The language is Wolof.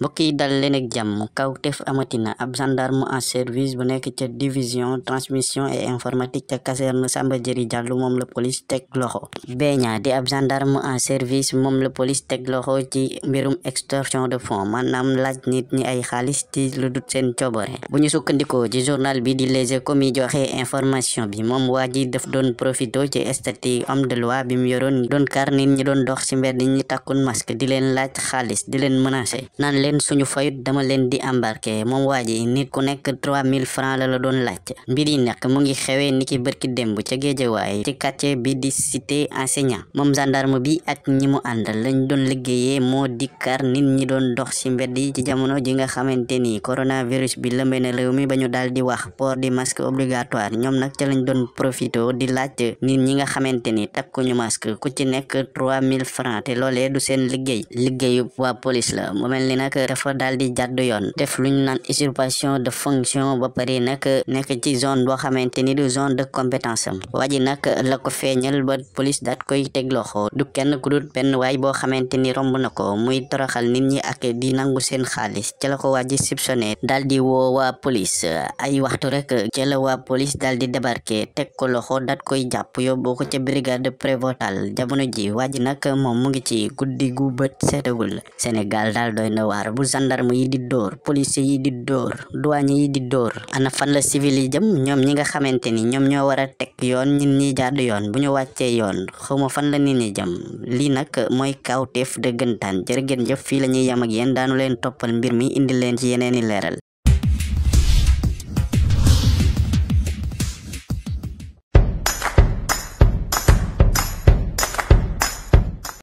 mbokk yi dal leen ak jàmm kawtef amatina ab gendarme en service bu nekk ca division transmission et informatique ca caserne Samba Diéry Diallo moom la police teg loxo beña di ab en service moom la police teg ci mbirum extorsion de fonds maanaam laaj nit ñi ay xaalis ti lu dut seen coobare bu ñu sukkandikoo ji journal bi di Les Échos mi joxe information bi moom waa ji daf doon profito ci statut homme de loi bi mu yoroon doon kar nit ñi doon dox ci mbedd ñi takkun masque di leen laaj xaalis di leen menacer naan leen leen suñu fayut dama leen di embarqué moom waa ji nit ku nekk 3000 francs la la doon laaj mbir yi nag mu ngi xewee ni ki bërki démb ca géejawaay ci quartier bi di cité enseignant moom gendarme bi ak ñi mu ànd lañ doon liggéeyee moo dikkaar nit ñi doon dox ci mbedd yi ci jamono ji nga xamante ni coronavirus bi lëmbee na réew mi ba ñu daal di wax port di masque obligatoire ñoom nag ca lañ doon profité di laaj nit ñi nga xamante ni takkuñu masque ku ci nekk te loolee du seen liggéey nag dafa daal di jàdd yoon def lu ñu naan usurpation de fonction ba pare nag nekk ci zone boo xamante ni du zone de compétence am waa ji la ko feeñal ba police daat koy teg loxo du kenn ku dul benn waay boo xamante ni romb na ko muy toroxal nit ñi ak di nangu seen xaalis ca la ko waa ji soupçonné daal di woo waa police ay waxtu rek ca la waa police daal di débarqué teg ko loxo daat koy jàpp yóbbu ko ca brigade prévôtale jamono ji waa ji nag moom mu ngi ci guddi gu bët seetagul Sénégal waar bu gendarme yi di dóor policier yi di dóor douanier yi di dóor ana fan la civil yi jëm ñoom ñi nga xamante ni ñoom ñoo war a teg yoon ñin ñi jaadu yoon bu ñu wàccee yoon xawma fan la nit ñi jëm lii nag mooy kawteef dëggantaan jërëgéen jëf fii la ñuy yam ak yéen daanu leen toppal mbir mi indi leen ci yeneeni leeral